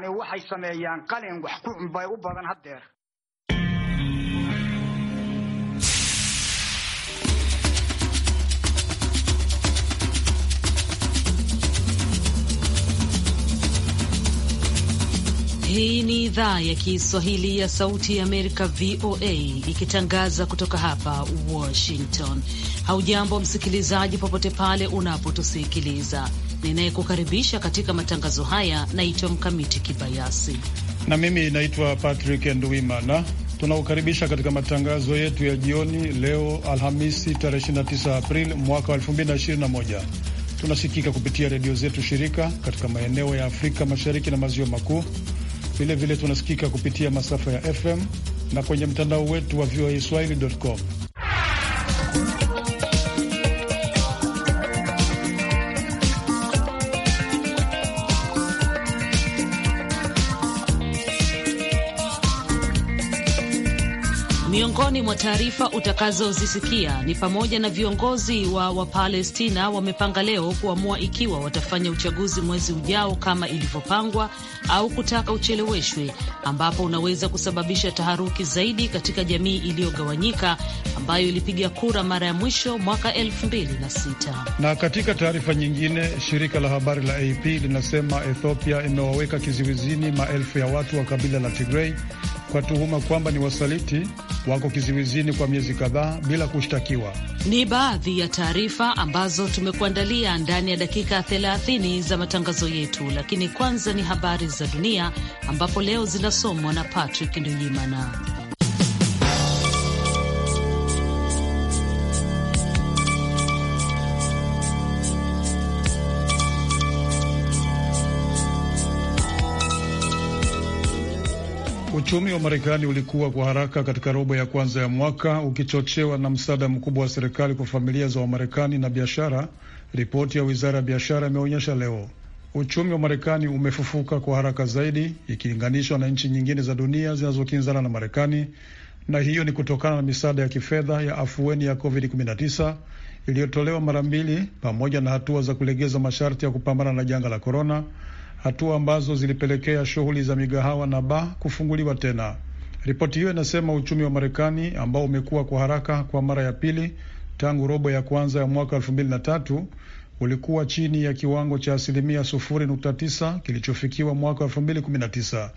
kuwaani waxay sameeyaan qalin wax ku um bay u badan haddeer Hii ni idhaa ya Kiswahili ya Sauti ya Amerika, VOA, ikitangaza kutoka hapa Washington. Haujambo msikilizaji, popote pale unapotusikiliza ninayekukaribisha katika matangazo haya naitwa Mkamiti Kibayasi na mimi naitwa Patrick nduimana Tunakukaribisha katika matangazo yetu ya jioni leo Alhamisi, tarehe 29 Aprili mwaka wa 2021. Tunasikika kupitia redio zetu shirika katika maeneo ya Afrika Mashariki na Maziwa Makuu. Vilevile tunasikika kupitia masafa ya FM na kwenye mtandao wetu wa voa swahili.com. Miongoni mwa taarifa utakazozisikia ni pamoja na viongozi wa Wapalestina wamepanga leo kuamua ikiwa watafanya uchaguzi mwezi ujao kama ilivyopangwa au kutaka ucheleweshwe, ambapo unaweza kusababisha taharuki zaidi katika jamii iliyogawanyika ambayo ilipiga kura mara ya mwisho mwaka 26 Na katika taarifa nyingine, shirika la habari la AP linasema Ethiopia imewaweka kizuizini maelfu ya watu wa kabila la Tigrei kwa tuhuma kwamba ni wasaliti wako kiziwizini kwa miezi kadhaa bila kushtakiwa. Ni baadhi ya taarifa ambazo tumekuandalia ndani ya dakika 30 za matangazo yetu, lakini kwanza ni habari za dunia ambapo leo zinasomwa na Patrick Nduyimana. Uchumi wa Marekani ulikuwa kwa haraka katika robo ya kwanza ya mwaka ukichochewa na msaada mkubwa wa serikali kwa familia za Wamarekani na biashara, ripoti ya wizara ya biashara imeonyesha leo. Uchumi wa Marekani umefufuka kwa haraka zaidi ikilinganishwa na nchi nyingine za dunia zinazokinzana na Marekani, na hiyo ni kutokana na misaada ya kifedha ya afueni ya COVID-19 iliyotolewa mara mbili pamoja na hatua za kulegeza masharti ya kupambana na janga la korona hatua ambazo zilipelekea shughuli za migahawa na ba kufunguliwa tena. Ripoti hiyo inasema uchumi wa Marekani ambao umekuwa kwa haraka kwa mara ya pili tangu robo ya kwanza ya mwaka elfu mbili na tatu ulikuwa chini ya kiwango cha asilimia sufuri nukta tisa kilichofikiwa mwaka elfu mbili kumi na tisa.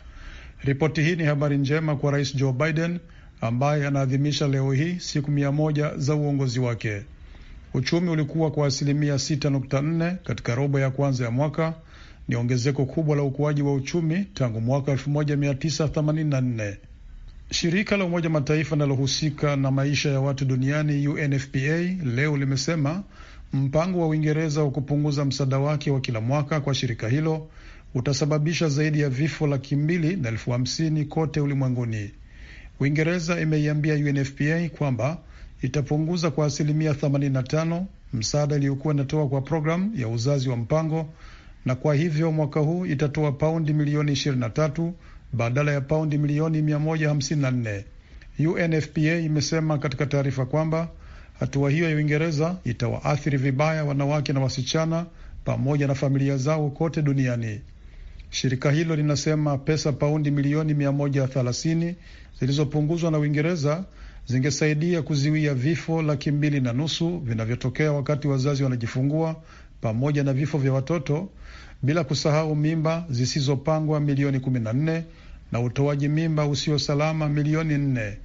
Ripoti hii ni habari njema kwa Rais Joe Biden ambaye anaadhimisha leo hii siku mia moja za uongozi wake. Uchumi ulikuwa kwa asilimia sita nukta nne katika robo ya kwanza ya mwaka ni ongezeko kubwa la ukuaji wa uchumi tangu mwaka 1984. Shirika la Umoja Mataifa linalohusika na maisha ya watu duniani UNFPA leo limesema mpango wa Uingereza wa kupunguza msaada wake wa kila mwaka kwa shirika hilo utasababisha zaidi ya vifo laki mbili na elfu hamsini kote ulimwenguni. Uingereza imeiambia UNFPA kwamba itapunguza kwa asilimia 85 msaada iliyokuwa inatoa kwa programu ya uzazi wa mpango na kwa hivyo mwaka huu itatoa paundi milioni 23 badala ya paundi milioni 154. UNFPA imesema katika taarifa kwamba hatua hiyo ya Uingereza itawaathiri vibaya wanawake na wasichana pamoja na familia zao kote duniani. Shirika hilo linasema pesa paundi milioni 130 zilizopunguzwa na Uingereza zingesaidia kuziwia vifo laki mbili na nusu vinavyotokea wakati wazazi wanajifungua pamoja na vifo vya watoto, bila kusahau mimba zisizopangwa milioni 14 na utoaji mimba usio salama milioni nne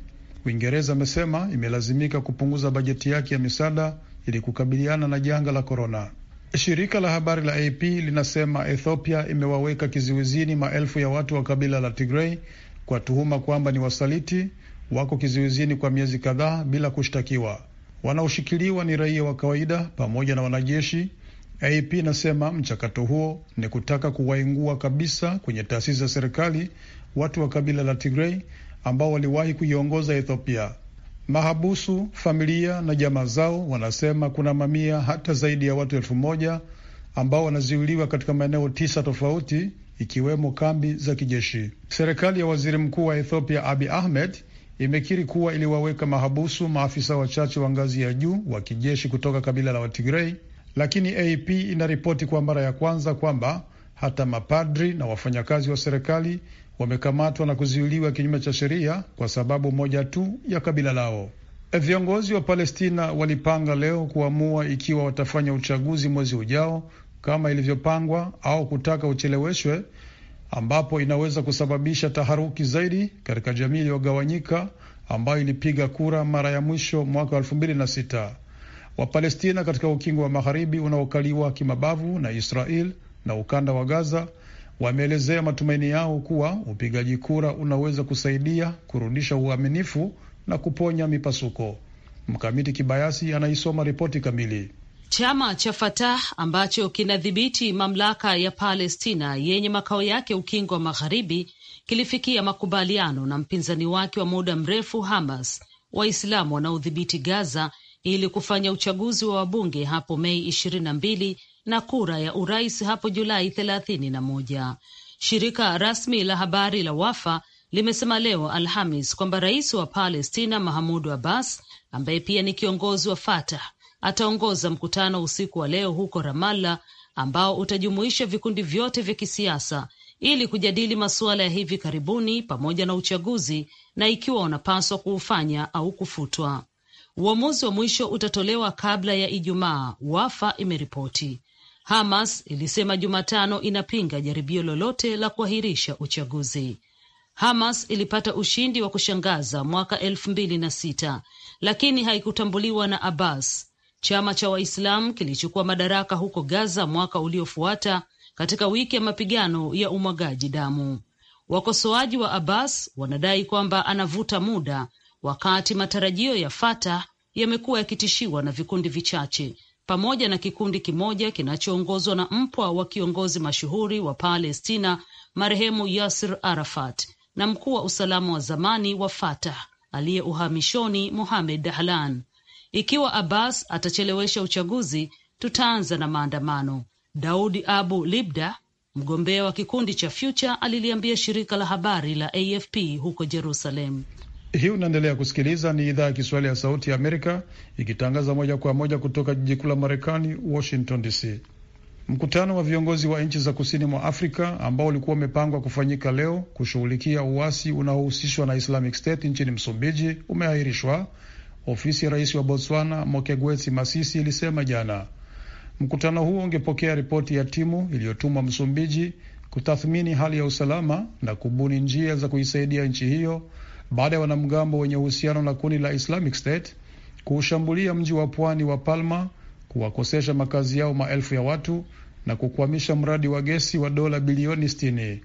Uingereza amesema imelazimika kupunguza bajeti yake ya misaada ili kukabiliana na janga la korona. Shirika la habari la AP linasema Ethiopia imewaweka kizuizini maelfu ya watu wa kabila la Tigray kwa tuhuma kwamba ni wasaliti. Wako kizuizini kwa miezi kadhaa bila kushtakiwa. Wanaoshikiliwa ni raia wa kawaida pamoja na wanajeshi AP inasema mchakato huo ni kutaka kuwaingua kabisa kwenye taasisi za serikali watu wa kabila la Tigrei ambao waliwahi kuiongoza Ethiopia. Mahabusu, familia na jamaa zao wanasema kuna mamia hata zaidi ya watu elfu moja ambao wanazuiliwa katika maeneo tisa tofauti ikiwemo kambi za kijeshi. Serikali ya waziri mkuu wa Ethiopia Abi Ahmed imekiri kuwa iliwaweka mahabusu maafisa wachache wa ngazi ya juu wa kijeshi kutoka kabila la Watigrei lakini AP inaripoti kwa mara ya kwanza kwamba hata mapadri na wafanyakazi wa serikali wamekamatwa na kuzuiliwa kinyume cha sheria kwa sababu moja tu ya kabila lao. E, viongozi wa Palestina walipanga leo kuamua ikiwa watafanya uchaguzi mwezi ujao kama ilivyopangwa au kutaka ucheleweshwe, ambapo inaweza kusababisha taharuki zaidi katika jamii iliyogawanyika ambayo ilipiga kura mara ya mwisho mwaka wa elfu mbili na sita. Wapalestina katika ukingo wa magharibi unaokaliwa kimabavu na Israel na ukanda wa Gaza wameelezea matumaini yao kuwa upigaji kura unaweza kusaidia kurudisha uaminifu na kuponya mipasuko. Mkamiti Kibayasi anaisoma ripoti kamili. Chama cha Fatah ambacho kinadhibiti mamlaka ya Palestina yenye makao yake ukingo wa magharibi kilifikia makubaliano na mpinzani wake wa muda mrefu Hamas, Waislamu wanaodhibiti Gaza ili kufanya uchaguzi wa wabunge hapo Mei ishirini na mbili na kura ya urais hapo Julai thelathini na moja. Shirika rasmi la habari la Wafa limesema leo Alhamis kwamba rais wa Palestina Mahamudu Abbas ambaye pia ni kiongozi wa Fatah ataongoza mkutano usiku wa leo huko ramalla ambao utajumuisha vikundi vyote vya kisiasa ili kujadili masuala ya hivi karibuni pamoja na uchaguzi na ikiwa wanapaswa kuufanya au kufutwa. Uamuzi wa mwisho utatolewa kabla ya Ijumaa, Wafa imeripoti. Hamas ilisema Jumatano inapinga jaribio lolote la kuahirisha uchaguzi. Hamas ilipata ushindi wa kushangaza mwaka elfu mbili na sita lakini haikutambuliwa na Abbas. Chama cha Waislamu kilichukua madaraka huko Gaza mwaka uliofuata katika wiki ya mapigano ya umwagaji damu. Wakosoaji wa Abbas wanadai kwamba anavuta muda wakati matarajio ya Fatah yamekuwa yakitishiwa na vikundi vichache pamoja na kikundi kimoja kinachoongozwa na mpwa wa kiongozi mashuhuri wa Palestina marehemu Yasir Arafat na mkuu wa usalama wa zamani wa Fatah aliye uhamishoni Mohamed Dahlan. Ikiwa Abbas atachelewesha uchaguzi, tutaanza na maandamano, Daudi Abu Libda, mgombea wa kikundi cha Future, aliliambia shirika la habari la AFP huko Jerusalem. Hii unaendelea kusikiliza, ni idhaa ya Kiswahili ya Sauti ya Amerika ikitangaza moja kwa moja kutoka jiji kuu la Marekani, Washington DC. Mkutano wa viongozi wa nchi za kusini mwa Afrika ambao ulikuwa umepangwa kufanyika leo kushughulikia uasi unaohusishwa na Islamic State nchini Msumbiji umeahirishwa, ofisi ya rais wa Botswana Mokegwetsi Masisi ilisema jana. Mkutano huo ungepokea ripoti ya timu iliyotumwa Msumbiji kutathmini hali ya usalama na kubuni njia za kuisaidia nchi hiyo baada ya wanamgambo wenye uhusiano na kundi la Islamic State kuushambulia mji wa pwani wa Palma, kuwakosesha makazi yao maelfu ya watu na kukwamisha mradi wa gesi wa dola bilioni sitini.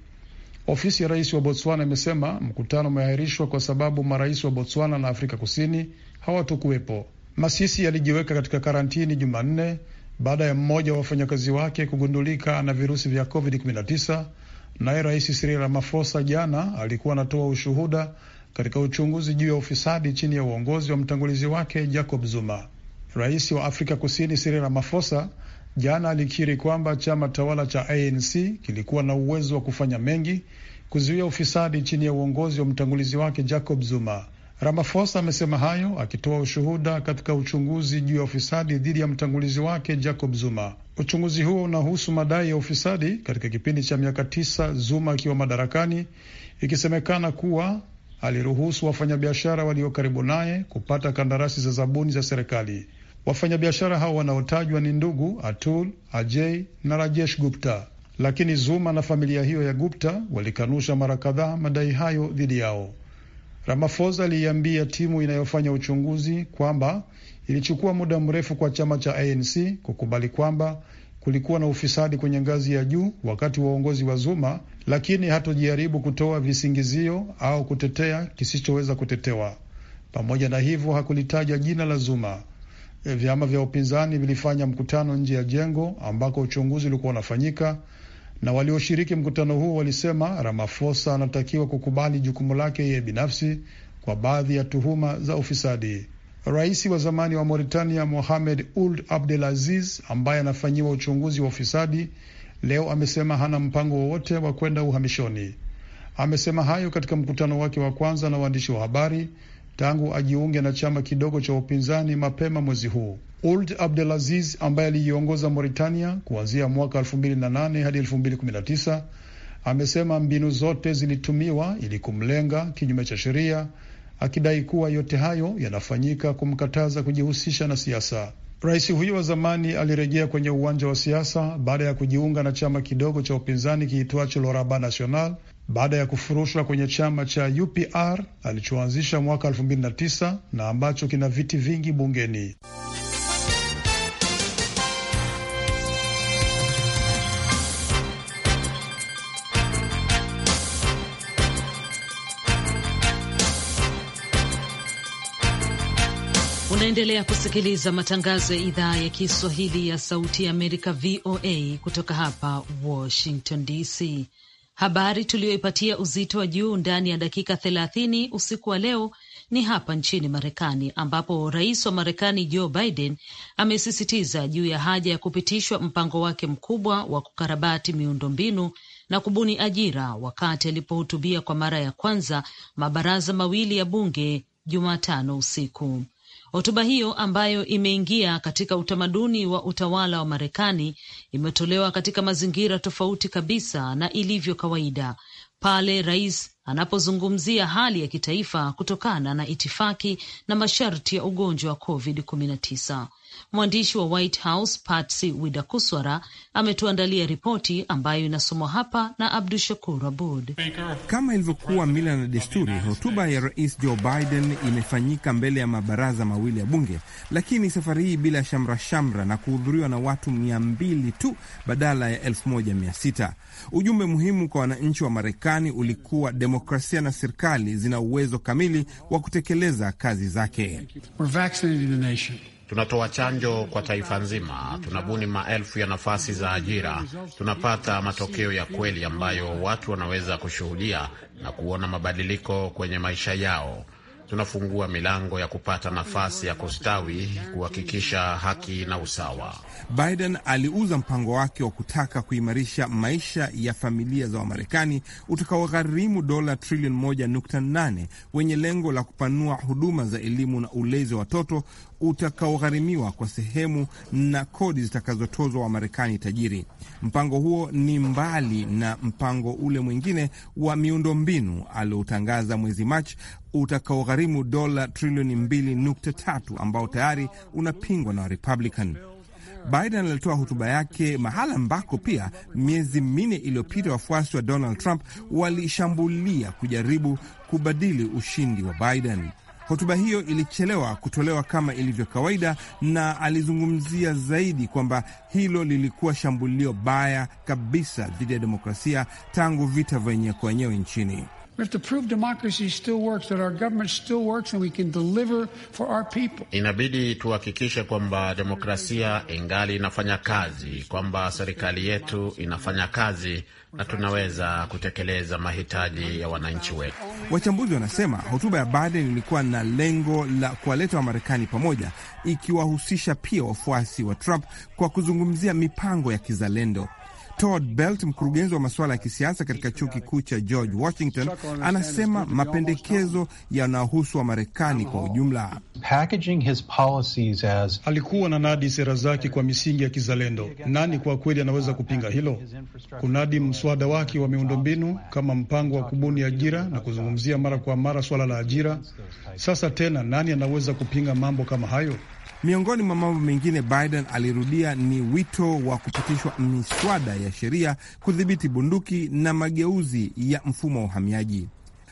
Ofisi ya rais wa Botswana imesema mkutano umeahirishwa kwa sababu marais wa Botswana na Afrika Kusini hawatokuwepo. Masisi yalijiweka katika karantini Jumanne baada ya mmoja wa wafanyakazi wake kugundulika na virusi vya COVID-19. Naye rais Cyril Ramaphosa jana alikuwa anatoa ushuhuda katika uchunguzi juu ya ufisadi chini ya uongozi wa mtangulizi wake Jacob Zuma. Rais wa Afrika Kusini Cyril Ramaphosa jana alikiri kwamba chama tawala cha ANC kilikuwa na uwezo wa kufanya mengi kuzuia ufisadi chini ya uongozi wa mtangulizi wake Jacob Zuma. Ramaphosa amesema hayo akitoa ushuhuda katika uchunguzi juu ya ufisadi dhidi ya mtangulizi wake Jacob Zuma. Uchunguzi huo unahusu madai ya ufisadi katika kipindi cha miaka tisa Zuma akiwa madarakani, ikisemekana kuwa aliruhusu wafanyabiashara walio karibu naye kupata kandarasi za zabuni za serikali. Wafanyabiashara hao wanaotajwa ni ndugu Atul, Ajay na Rajesh Gupta, lakini Zuma na familia hiyo ya Gupta walikanusha mara kadhaa madai hayo dhidi yao. Ramaphosa aliiambia timu inayofanya uchunguzi kwamba ilichukua muda mrefu kwa chama cha ANC kukubali kwamba kulikuwa na ufisadi kwenye ngazi ya juu wakati wa uongozi wa Zuma, lakini hatojaribu kutoa visingizio au kutetea kisichoweza kutetewa. Pamoja na hivyo, hakulitaja jina la Zuma. E, vyama vya upinzani vilifanya mkutano nje ya jengo ambako uchunguzi ulikuwa unafanyika, na walioshiriki mkutano huo walisema Ramaphosa anatakiwa kukubali jukumu lake yeye binafsi kwa baadhi ya tuhuma za ufisadi. Rais wa zamani wa Mauritania Mohamed Ould Abdelaziz ambaye anafanyiwa uchunguzi wa ufisadi leo amesema hana mpango wowote wa kwenda uhamishoni. Amesema hayo katika mkutano wake wa kwanza na waandishi wa habari tangu ajiunge na chama kidogo cha upinzani mapema mwezi huu. Ould Abdelaziz ambaye aliiongoza Mauritania kuanzia mwaka 2008 hadi 2019 amesema mbinu zote zilitumiwa ili kumlenga kinyume cha sheria akidai kuwa yote hayo yanafanyika kumkataza kujihusisha na siasa. Rais huyo wa zamani alirejea kwenye uwanja wa siasa baada ya kujiunga na chama kidogo cha upinzani kiitwacho Loraba National baada ya kufurushwa kwenye chama cha UPR alichoanzisha mwaka 2009 na ambacho kina viti vingi bungeni. Unaendelea kusikiliza matangazo ya idhaa ya Kiswahili ya Sauti ya Amerika, VOA, kutoka hapa Washington DC. Habari tuliyoipatia uzito wa juu ndani ya dakika 30 usiku wa leo ni hapa nchini Marekani, ambapo rais wa Marekani Joe Biden amesisitiza juu ya haja ya kupitishwa mpango wake mkubwa wa kukarabati miundombinu na kubuni ajira wakati alipohutubia kwa mara ya kwanza mabaraza mawili ya bunge Jumatano usiku. Hotuba hiyo ambayo imeingia katika utamaduni wa utawala wa Marekani imetolewa katika mazingira tofauti kabisa na ilivyo kawaida pale rais anapozungumzia hali ya kitaifa kutokana na itifaki na masharti ya ugonjwa wa COVID-19. Mwandishi wa White House Patsy Widakuswara ametuandalia ripoti ambayo inasomwa hapa na Abdu Shakur Abud. Kama ilivyokuwa mila na desturi, hotuba ya Rais Joe Biden imefanyika mbele ya mabaraza mawili ya bunge, lakini safari hii bila shamra shamra na kuhudhuriwa na watu mia mbili tu badala ya elfu moja mia sita. Ujumbe muhimu kwa wananchi wa Marekani ulikuwa demokrasia na serikali zina uwezo kamili wa kutekeleza kazi zake. We're vaccinating the nation. Tunatoa chanjo kwa taifa nzima, tunabuni maelfu ya nafasi za ajira, tunapata matokeo ya kweli ambayo watu wanaweza kushuhudia na kuona mabadiliko kwenye maisha yao. Tunafungua milango ya kupata nafasi ya kustawi, kuhakikisha haki na usawa. Biden aliuza mpango wake wa kutaka kuimarisha maisha ya familia za Wamarekani utakaogharimu dola trilioni 1.8 wenye lengo la kupanua huduma za elimu na ulezi wa watoto utakaogharimiwa kwa sehemu na kodi zitakazotozwa Wamarekani tajiri. Mpango huo ni mbali na mpango ule mwingine wa miundombinu aliotangaza mwezi Machi utakaogharimu dola trilioni 2.3 ambao tayari unapingwa na Warepublican. Biden alitoa hotuba yake mahala ambako pia miezi minne iliyopita wafuasi wa Donald Trump walishambulia kujaribu kubadili ushindi wa Biden. Hotuba hiyo ilichelewa kutolewa kama ilivyo kawaida, na alizungumzia zaidi kwamba hilo lilikuwa shambulio baya kabisa dhidi ya demokrasia tangu vita vyenyewe kwa wenyewe nchini. Inabidi tuhakikishe kwamba demokrasia ingali inafanya kazi, kwamba serikali yetu inafanya kazi na tunaweza kutekeleza mahitaji ya wananchi wetu. Wachambuzi wanasema hotuba ya Biden ilikuwa na lengo la kuwaleta Wamarekani pamoja, ikiwahusisha pia wafuasi wa Trump kwa kuzungumzia mipango ya kizalendo. Todd Belt, mkurugenzi wa masuala ya kisiasa katika chuo kikuu cha George Washington, anasema mapendekezo yanahusu marekani kwa ujumla. As... alikuwa na nadi sera zake kwa misingi ya kizalendo. Nani kwa kweli anaweza kupinga hilo? Kunadi mswada wake wa miundombinu kama mpango wa kubuni ajira na kuzungumzia mara kwa mara swala la ajira. Sasa tena nani anaweza kupinga mambo kama hayo? Miongoni mwa mambo mengine Biden alirudia ni wito wa kupitishwa miswada ya sheria kudhibiti bunduki na mageuzi ya mfumo wa uhamiaji.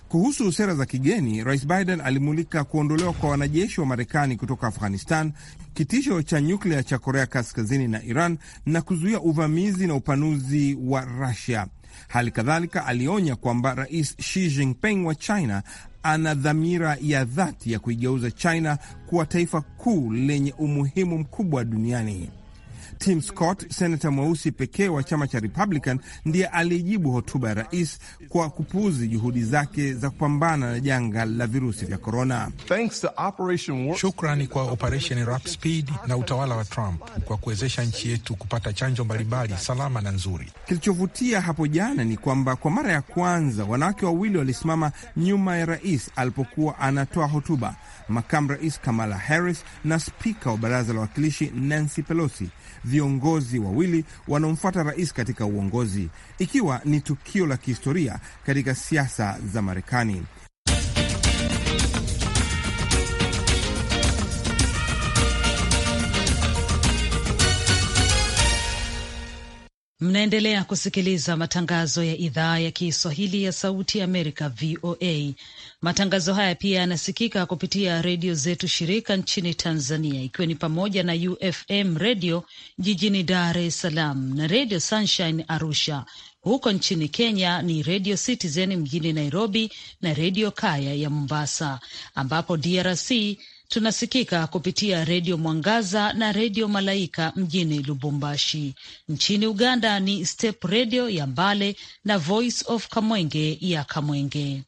Kuhusu sera za kigeni, Rais Biden alimulika kuondolewa kwa wanajeshi wa Marekani kutoka Afghanistan, kitisho cha nyuklia cha Korea Kaskazini na Iran, na kuzuia uvamizi na upanuzi wa Rusia. Hali kadhalika alionya kwamba Rais Xi Jinping wa China ana dhamira ya dhati ya kuigeuza China kuwa taifa kuu lenye umuhimu mkubwa duniani. Tim Scott, senata mweusi pekee wa chama cha Republican, ndiye aliyejibu hotuba ya rais kwa kupuuzi juhudi zake za kupambana na janga la virusi vya korona. Shukrani kwa Operation Warp Speed na utawala wa Trump kwa kuwezesha nchi yetu kupata chanjo mbalimbali salama na nzuri. Kilichovutia hapo jana ni kwamba kwa mara ya kwanza wanawake wawili walisimama nyuma ya rais alipokuwa anatoa hotuba makamu rais Kamala Harris na spika wa baraza la wawakilishi Nancy Pelosi, viongozi wawili wanaomfuata rais katika uongozi, ikiwa ni tukio la kihistoria katika siasa za Marekani. Mnaendelea kusikiliza matangazo ya idhaa ya Kiswahili ya Sauti ya Amerika, VOA. Matangazo haya pia yanasikika kupitia redio zetu shirika nchini Tanzania, ikiwa ni pamoja na UFM redio jijini Dar es Salaam na redio Sunshine Arusha. Huko nchini Kenya ni redio Citizen mjini Nairobi na redio Kaya ya Mombasa, ambapo DRC Tunasikika kupitia Redio Mwangaza na Redio Malaika mjini Lubumbashi. Nchini Uganda ni Step Redio ya Mbale na Voice of Kamwenge ya Kamwenge.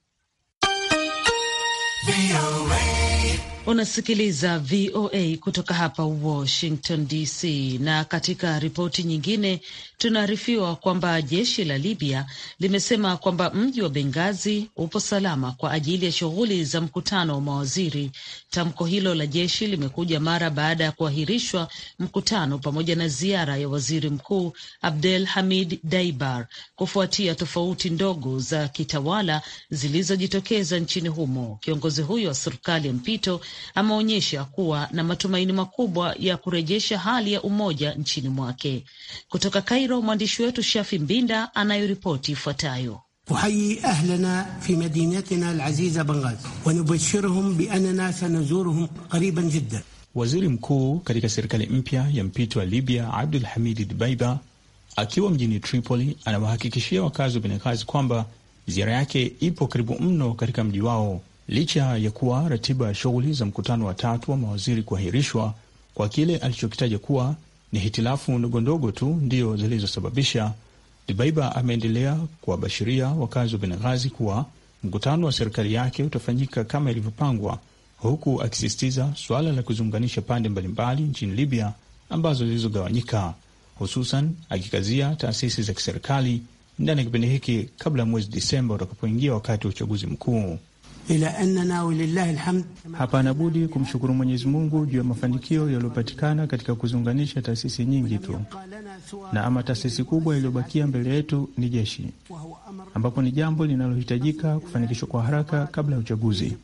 Unasikiliza VOA kutoka hapa Washington DC. Na katika ripoti nyingine, tunaarifiwa kwamba jeshi la Libya limesema kwamba mji wa Bengazi upo salama kwa ajili ya shughuli za mkutano wa mawaziri. Tamko hilo la jeshi limekuja mara baada ya kuahirishwa mkutano pamoja na ziara ya waziri mkuu Abdel Hamid Daibar kufuatia tofauti ndogo za kitawala zilizojitokeza nchini humo. Kiongozi huyo wa serikali ya mpito ameonyesha kuwa na matumaini makubwa ya kurejesha hali ya umoja nchini mwake. Kutoka Kairo, mwandishi wetu Shafi Mbinda anayoripoti ifuatayo. Uhayi ahlana fi madinatina alaziza bangazi wanubashirhum biannana qariban jiddan. Waziri mkuu katika serikali mpya ya mpito wa Libya Abdul Hamid Dbeiba akiwa mjini Tripoli anawahakikishia wakazi wa Benghazi kwamba ziara yake ipo karibu mno katika mji wao licha ya kuwa ratiba ya shughuli za mkutano wa tatu wa mawaziri kuahirishwa kwa kile alichokitaja kuwa ni hitilafu ndogondogo tu ndiyo zilizosababisha. Dibaiba ameendelea kuwabashiria wakazi wa Benghazi kuwa mkutano wa serikali yake utafanyika kama ilivyopangwa, huku akisisitiza suala la kuziunganisha pande mbalimbali nchini Libya ambazo zilizogawanyika, hususan akikazia taasisi za kiserikali ndani ya kipindi hiki kabla ya mwezi Disemba utakapoingia wakati wa uchaguzi mkuu. Hapana budi kumshukuru Mwenyezi Mungu juu ya mafanikio yaliyopatikana katika kuziunganisha taasisi nyingi tu, na ama taasisi kubwa iliyobakia mbele yetu ni jeshi, ambapo ni jambo linalohitajika kufanikishwa kwa haraka kabla ya uchaguzi.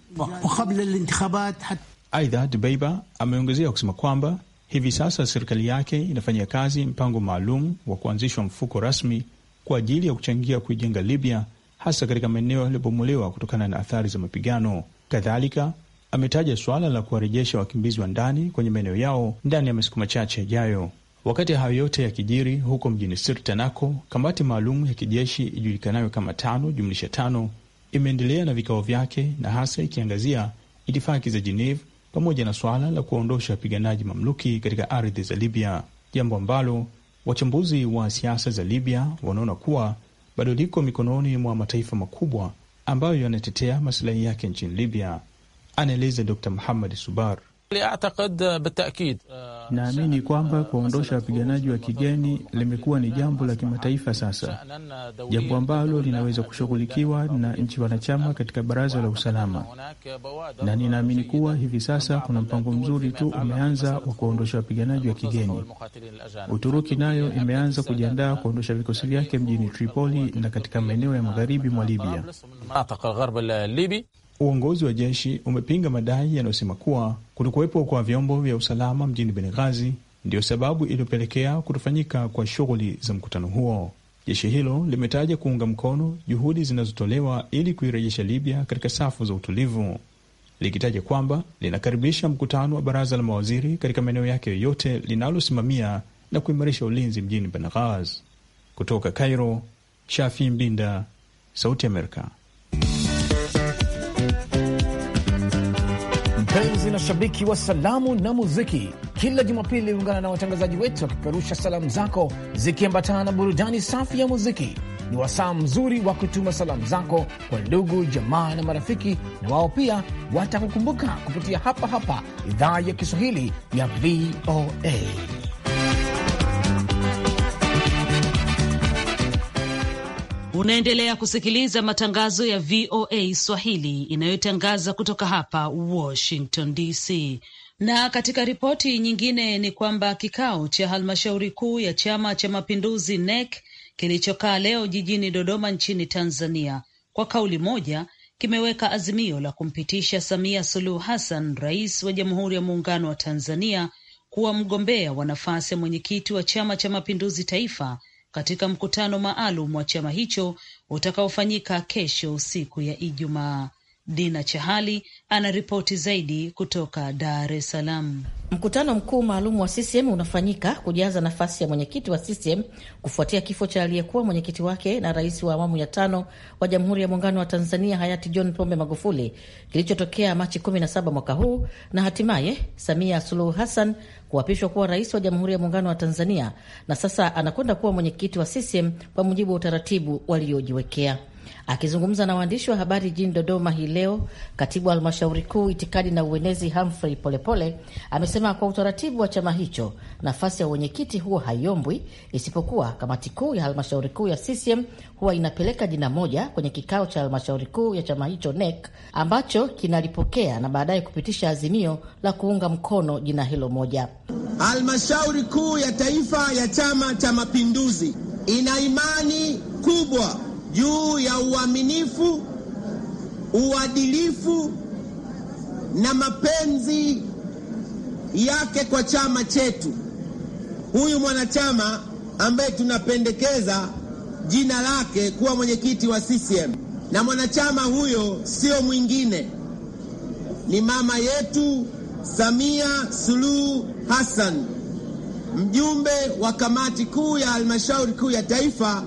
Aidha, Dbeiba ameongezea kusema kwamba hivi sasa serikali yake inafanyia kazi mpango maalum wa kuanzishwa mfuko rasmi kwa ajili ya kuchangia kuijenga Libya hasa katika maeneo yaliyobomolewa kutokana na athari za mapigano. Kadhalika ametaja suala la kuwarejesha wakimbizi wa ndani kwenye maeneo yao ndani ya masiku machache yajayo. Wakati hayo yote yakijiri, huko mjini Sirte nako kamati maalum ya kijeshi ijulikanayo kama tano jumlisha tano imeendelea na vikao vyake na hasa ikiangazia itifaki za Geneva pamoja na swala la kuwaondosha wapiganaji mamluki katika ardhi za Libya, jambo ambalo wachambuzi wa siasa za Libya wanaona kuwa bado liko mikononi mwa mataifa makubwa ambayo yanatetea masilahi yake nchini Libya, anaeleza Dr Muhammad Subar. Naamini kwamba kuwaondosha wapiganaji wa kigeni limekuwa ni jambo la kimataifa sasa, jambo ambalo linaweza kushughulikiwa na nchi wanachama katika Baraza la Usalama, na ninaamini kuwa hivi sasa kuna mpango mzuri tu umeanza wa kuwaondosha wapiganaji wa kigeni. Uturuki nayo imeanza kujiandaa kuondosha vikosi vyake mjini Tripoli na katika maeneo ya magharibi mwa Libya. Uongozi wa jeshi umepinga madai yanayosema kuwa kutokuwepo kwa vyombo vya usalama mjini Benghazi ndiyo sababu iliyopelekea kutofanyika kwa shughuli za mkutano huo. Jeshi hilo limetaja kuunga mkono juhudi zinazotolewa ili kuirejesha Libya katika safu za utulivu, likitaja kwamba linakaribisha mkutano wa baraza la mawaziri katika maeneo yake yoyote linalosimamia na kuimarisha ulinzi mjini Benghazi. Kutoka Cairo, Shafi Mbinda, Sauti Amerika. mpenzi na shabiki wa salamu na muziki, kila Jumapili ungana na watangazaji wetu wakipeperusha salamu zako zikiambatana na burudani safi ya muziki. Ni wasaa mzuri wa kutuma salamu zako kwa ndugu, jamaa na marafiki, na wao pia watakukumbuka kupitia hapa hapa idhaa ya Kiswahili ya VOA. Unaendelea kusikiliza matangazo ya VOA Swahili inayotangaza kutoka hapa Washington DC. Na katika ripoti nyingine ni kwamba kikao cha halmashauri kuu ya Chama cha Mapinduzi NEC kilichokaa leo jijini Dodoma nchini Tanzania kwa kauli moja kimeweka azimio la kumpitisha Samia Suluhu Hassan, rais wa Jamhuri ya Muungano wa Tanzania, kuwa mgombea wa nafasi ya mwenyekiti wa Chama cha Mapinduzi taifa katika mkutano maalum wa chama hicho utakaofanyika kesho siku ya Ijumaa. Dina Chahali ana ripoti zaidi kutoka Dar es Salaam. Mkutano mkuu maalum wa CCM unafanyika kujaza nafasi ya mwenyekiti wa CCM kufuatia kifo cha aliyekuwa mwenyekiti wake na rais wa awamu ya tano wa Jamhuri ya Muungano wa Tanzania hayati John Pombe Magufuli kilichotokea Machi 17 mwaka huu, na hatimaye Samia Suluhu Hassan kuapishwa kuwa rais wa Jamhuri ya Muungano wa Tanzania, na sasa anakwenda kuwa mwenyekiti wa CCM kwa mujibu wa utaratibu waliojiwekea. Akizungumza na waandishi wa habari jijini Dodoma hii leo, katibu wa halmashauri kuu itikadi na uenezi Humphrey Polepole amesema kwa utaratibu wa chama hicho nafasi ya uwenyekiti huo haiombwi, isipokuwa kamati kuu ya halmashauri kuu ya CCM huwa inapeleka jina moja kwenye kikao cha halmashauri kuu ya chama hicho NEC ambacho kinalipokea na baadaye kupitisha azimio la kuunga mkono jina hilo moja. Halmashauri kuu ya taifa ya Chama cha Mapinduzi ina imani kubwa juu ya uaminifu, uadilifu na mapenzi yake kwa chama chetu. Huyu mwanachama ambaye tunapendekeza jina lake kuwa mwenyekiti wa CCM, na mwanachama huyo sio mwingine, ni mama yetu Samia Suluhu Hassan, mjumbe wa kamati kuu ya halmashauri kuu ya taifa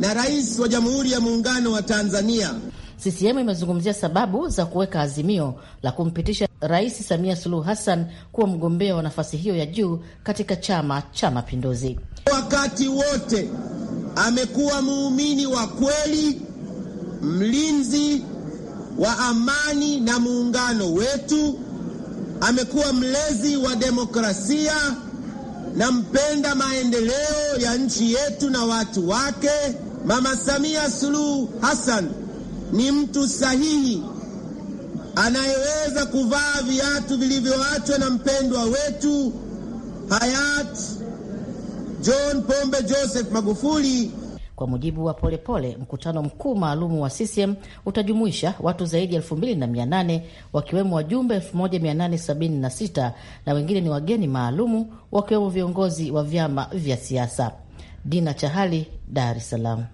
na rais wa Jamhuri ya Muungano wa Tanzania. CCM imezungumzia sababu za kuweka azimio la kumpitisha Rais Samia Suluhu Hassan kuwa mgombea wa nafasi hiyo ya juu katika Chama cha Mapinduzi. Wakati wote amekuwa muumini wa kweli, mlinzi wa amani na muungano wetu, amekuwa mlezi wa demokrasia na mpenda maendeleo ya nchi yetu na watu wake. Mama Samia Suluhu Hassan ni mtu sahihi anayeweza kuvaa viatu vilivyoachwa na mpendwa wetu hayati John Pombe Joseph Magufuli. Kwa mujibu wa Polepole pole, mkutano mkuu maalumu wa CCM utajumuisha watu zaidi ya 2800 wakiwemo wajumbe 1876 na wengine ni wageni maalumu wakiwemo viongozi wa vyama vya siasa. Dina Chahali, Dar es Salaam.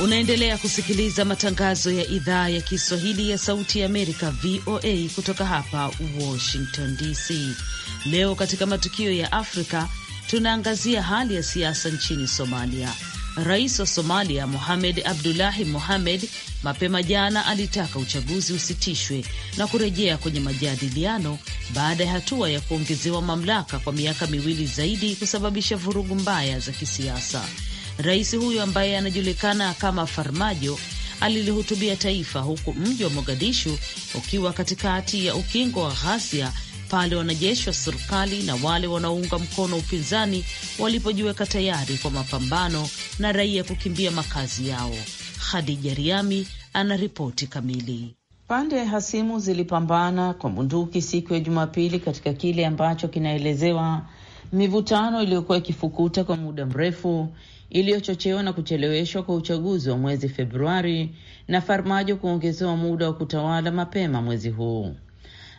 Unaendelea kusikiliza matangazo ya idhaa ya Kiswahili ya Sauti ya Amerika, VOA, kutoka hapa Washington DC. Leo katika matukio ya Afrika tunaangazia hali ya siasa nchini Somalia Rais wa Somalia Mohamed Abdullahi Mohamed mapema jana alitaka uchaguzi usitishwe na kurejea kwenye majadiliano baada ya hatua ya kuongezewa mamlaka kwa miaka miwili zaidi kusababisha vurugu mbaya za kisiasa. Rais huyo ambaye anajulikana kama Farmajo alilihutubia taifa huku mji wa Mogadishu ukiwa katikati ya ukingo wa ghasia pale wanajeshi wa serikali na wale wanaounga mkono upinzani walipojiweka tayari kwa mapambano na raia kukimbia makazi yao. Khadija Riami ana ripoti kamili. Pande hasimu zilipambana kwa bunduki siku ya Jumapili katika kile ambacho kinaelezewa mivutano iliyokuwa ikifukuta kwa muda mrefu iliyochochewa na kucheleweshwa kwa uchaguzi wa mwezi Februari na Farmajo kuongezewa muda wa kutawala mapema mwezi huu.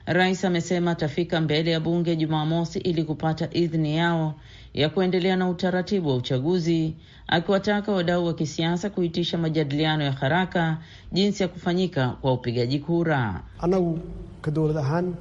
Rais amesema atafika mbele ya bunge Jumamosi ili kupata idhini yao ya kuendelea na utaratibu wa uchaguzi, akiwataka wadau wa kisiasa kuitisha majadiliano ya haraka jinsi ya kufanyika kwa upigaji kura. anagu kadowlad ahaan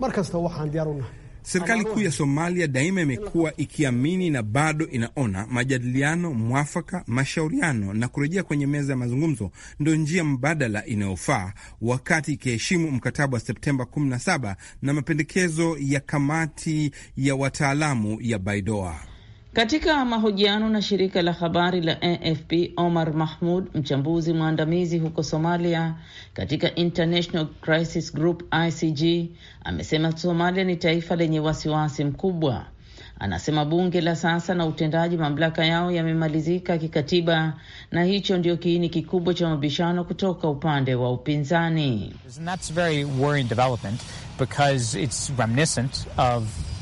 mar kasta waxaan diyaar u nahay Serikali kuu ya Somalia daima imekuwa ikiamini na bado inaona majadiliano mwafaka, mashauriano na kurejea kwenye meza ya mazungumzo ndio njia mbadala inayofaa, wakati ikiheshimu mkataba wa Septemba 17 na mapendekezo ya kamati ya wataalamu ya Baidoa. Katika mahojiano na shirika la habari la AFP, Omar Mahmud, mchambuzi mwandamizi huko Somalia katika International Crisis Group ICG, amesema Somalia ni taifa lenye wasiwasi mkubwa. Anasema bunge la sasa na utendaji mamlaka yao yamemalizika kikatiba, na hicho ndio kiini kikubwa cha mabishano kutoka upande wa upinzani. that's very worrying development because it's reminiscent of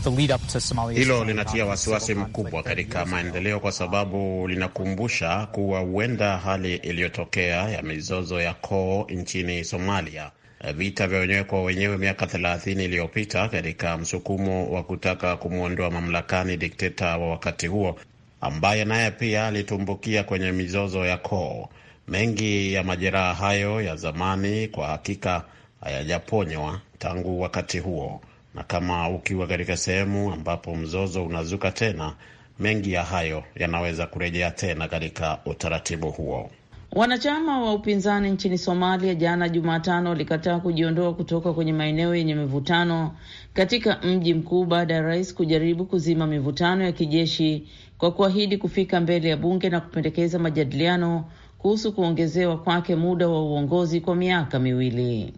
hilo linatia wasiwasi mkubwa katika maendeleo, kwa sababu linakumbusha kuwa huenda hali iliyotokea ya mizozo ya koo nchini Somalia, eh, vita vya wenyewe kwa wenyewe miaka 30 iliyopita, katika msukumo wa kutaka kumwondoa mamlakani dikteta wa wakati huo ambaye naye pia alitumbukia kwenye mizozo ya koo. Mengi ya majeraha hayo ya zamani kwa hakika hayajaponywa tangu wakati huo na kama ukiwa katika sehemu ambapo mzozo unazuka tena, mengi ya hayo yanaweza kurejea tena katika utaratibu huo. Wanachama wa upinzani nchini Somalia jana Jumatano walikataa kujiondoa kutoka kwenye maeneo yenye mivutano katika mji mkuu baada ya rais kujaribu kuzima mivutano ya kijeshi kwa kuahidi kufika mbele ya bunge na kupendekeza majadiliano kuhusu kuongezewa kwake muda wa uongozi kwa miaka miwili.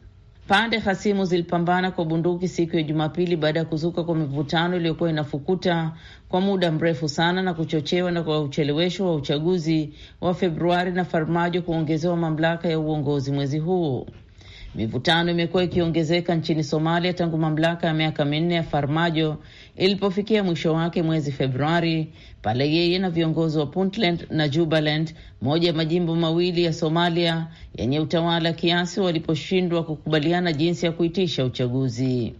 Pande hasimu zilipambana kwa bunduki siku ya Jumapili baada ya kuzuka kwa mivutano iliyokuwa inafukuta kwa muda mrefu sana na kuchochewa na kwa uchelewesho wa uchaguzi wa Februari na Farmajo kuongezewa mamlaka ya uongozi mwezi huu. Mivutano imekuwa ikiongezeka nchini Somalia tangu mamlaka ya miaka minne ya Farmajo ilipofikia mwisho wake mwezi Februari, pale yeye na viongozi wa Puntland na Jubaland, moja ya majimbo mawili ya Somalia yenye utawala kiasi, waliposhindwa kukubaliana jinsi ya kuitisha uchaguzi.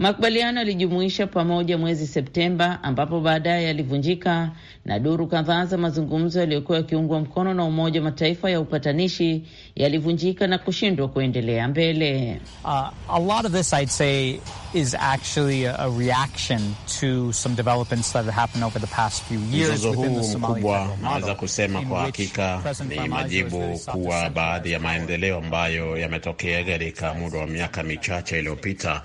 Makubaliano yalijumuisha pamoja mwezi Septemba, ambapo baadaye yalivunjika na duru kadhaa za mazungumzo yaliyokuwa yakiungwa mkono na Umoja wa Mataifa ya upatanishi yalivunjika na kushindwa kuendelea mbele. Mzozo huu mkubwa, naweza kusema kwa hakika, ni majibu kuwa baadhi ya maendeleo ambayo yametokea katika muda wa miaka michache iliyopita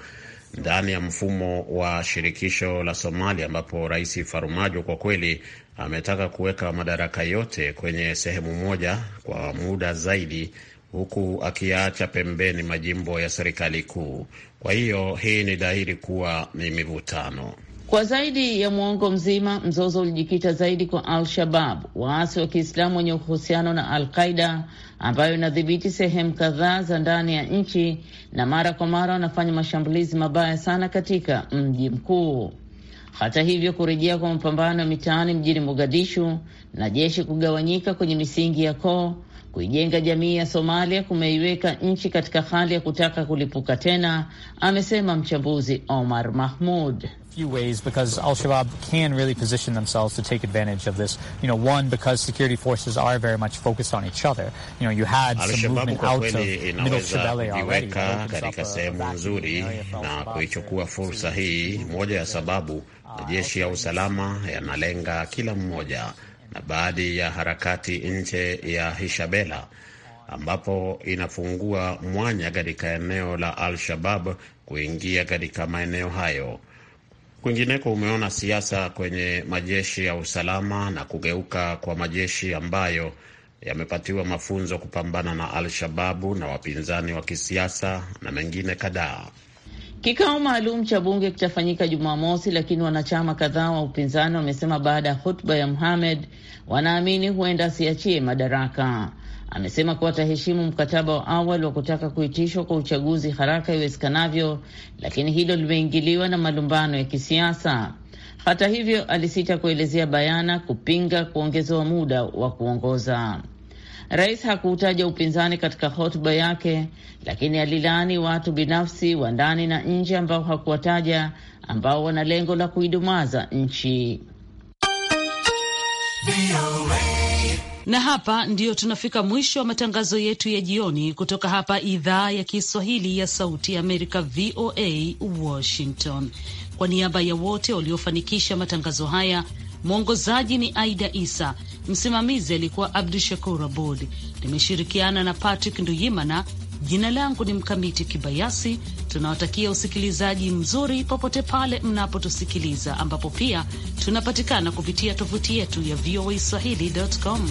ndani ya mfumo wa shirikisho la Somalia, ambapo Rais Farumajo kwa kweli ametaka kuweka madaraka yote kwenye sehemu moja kwa muda zaidi, huku akiacha pembeni majimbo ya serikali kuu. Kwa hiyo hii ni dhahiri kuwa ni mivutano. Kwa zaidi ya mwongo mzima, mzozo ulijikita zaidi kwa Al-Shabab, waasi wa Kiislamu wenye uhusiano na Al-Qaida ambayo inadhibiti sehemu kadhaa za ndani ya nchi na mara kwa mara wanafanya mashambulizi mabaya sana katika mji mkuu. Hata hivyo, kurejea kwa mapambano ya mitaani mjini Mogadishu na jeshi kugawanyika kwenye misingi ya koo kuijenga jamii ya Somalia kumeiweka nchi katika hali ya kutaka kulipuka tena, amesema mchambuzi Omar Mahmud. few ways because Al Shabaab can really position themselves to take advantage of this. You know, one because security forces are very much focused on each other. You know, you had Al some movement out of middle Shabelle already. katika sehemu nzuri na kuichukua fursa hii, moja sababu uh, majeshi ya usalama yanalenga kila mmoja na baadhi ya harakati nje ya Hishabela ambapo inafungua mwanya katika eneo la Al-Shabab kuingia katika maeneo hayo. Kwingineko umeona siasa kwenye majeshi ya usalama na kugeuka kwa majeshi ambayo yamepatiwa mafunzo kupambana na Al-Shababu na wapinzani wa kisiasa na mengine kadhaa. Kikao maalum cha bunge kitafanyika Jumamosi, lakini wanachama kadhaa wa upinzani wamesema baada ya hutba ya Muhamed wanaamini huenda asiachie madaraka amesema kuwa ataheshimu mkataba wa awali wa kutaka kuitishwa kwa uchaguzi haraka iwezekanavyo, lakini hilo limeingiliwa na malumbano ya kisiasa. Hata hivyo, alisita kuelezea bayana kupinga kuongezewa muda wa kuongoza. Rais hakuutaja upinzani katika hotuba yake, lakini alilaani watu binafsi wa ndani na nje ambao hakuwataja, ambao wana lengo la kuidumaza nchi. Na hapa ndiyo tunafika mwisho wa matangazo yetu ya jioni kutoka hapa idhaa ya Kiswahili ya Sauti ya Amerika, VOA Washington. Kwa niaba ya wote waliofanikisha matangazo haya, mwongozaji ni Aida Isa, msimamizi alikuwa Abdu Shakur Abud, nimeshirikiana na Patrick Nduyimana. Jina langu ni Mkamiti Kibayasi. Tunawatakia usikilizaji mzuri popote pale mnapotusikiliza, ambapo pia tunapatikana kupitia tovuti yetu ya voa swahilicom